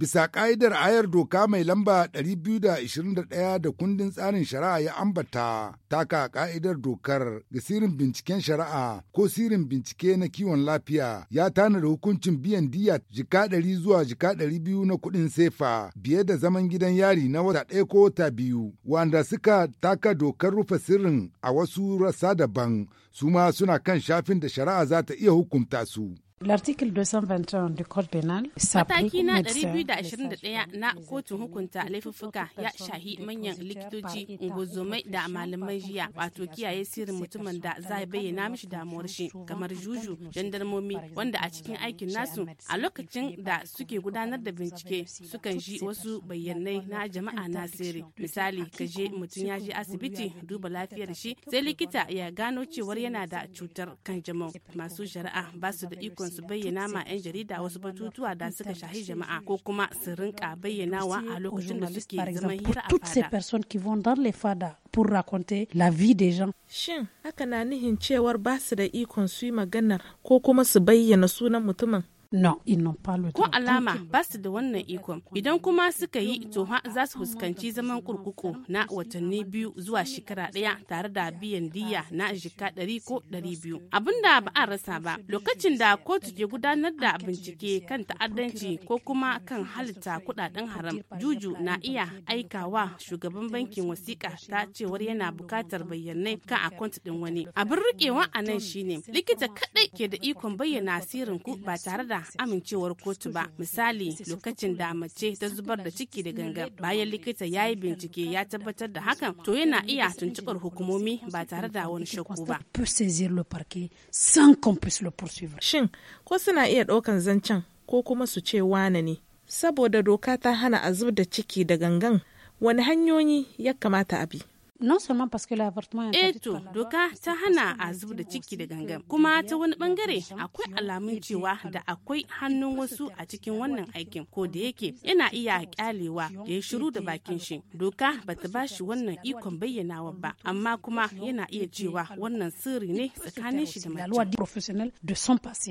bisa ƙa'idar ayar doka mai lamba 221 da kundin tsarin shari'a ya ambata taka ƙa'idar dokar da sirin binciken shari'a ko sirrin bincike na kiwon lafiya ya tana da hukuncin biyan diya jika 100 zuwa jika 200 na kuɗin sefa biye da zaman gidan yari na wata ɗaya ko wata biyu wanda suka taka dokar rufe sirrin a wasu rasa daban su ma suna kan shafin da shari'a za ta iya hukunta su. L'article 221 du Code pénal Mataki na 221 na kotun hukunta laifuffuka ya shahi manyan likitoci, ungozomai da malaman jiya wato kiyaye sirrin mutumin da za a bayyana mishi damuwar shi kamar juju, jandarmomi wanda a cikin aikin nasu a lokacin da suke gudanar da bincike sukan ji wasu bayyanai na jama'a na sirri. Misali, kaje mutum ya je asibiti duba lafiyar shi sai likita ya gano cewar yana da cutar kanjamau. Masu shari'a ba su da ikon su bayyana ma 'yan jarida wasu batutuwa da suka shahi jama'a ko kuma su rinka wa a lokacin da suke zama hira a fada. pour raconter la vie des gens. Shin haka na nihin cewar ba su da ikon su yi maganar ko kuma su bayyana sunan mutumin Ko alama ba su da wannan ikon. Idan kuma suka yi toha za su fuskanci zaman kurkuku na watanni biyu zuwa shekara ɗaya tare da biyan diya na jika ɗari ko ɗari biyu. Abin da ba a rasa ba lokacin da kotu ke gudanar da bincike kan ta'addanci ko kuma kan halitta kudaden haram. Juju na iya aikawa shugaban bankin wasiƙa ta cewar yana buƙatar bayyanai kan akwant ɗin wani. Abin riƙewa a nan shine likita kaɗai ke da ikon bayyana sirrin ku ba tare da amincewar kotu ba misali lokacin da mace ta zubar da ciki da gangan bayan likita ya yi bincike ya tabbatar da hakan to yana iya tuntuɓar hukumomi ba tare da wani shakku ba. Shin ko suna iya ɗaukan zancen ko kuma su ce wane ne saboda doka ta hana a zub da ciki da gangan wani hanyoyi ya kamata a bi. non seulement parce que l'avortement doka ta hana a zubar da ciki da gangan kuma ta wani bangare akwai alamun cewa da akwai hannun wasu a cikin wannan aikin ko da yake yana iya kyalewa da ya shiru da bakin shi doka bata ba shi wannan ikon bayyanawa ba amma kuma yana iya cewa wannan sirri ne tsakanin shi da mace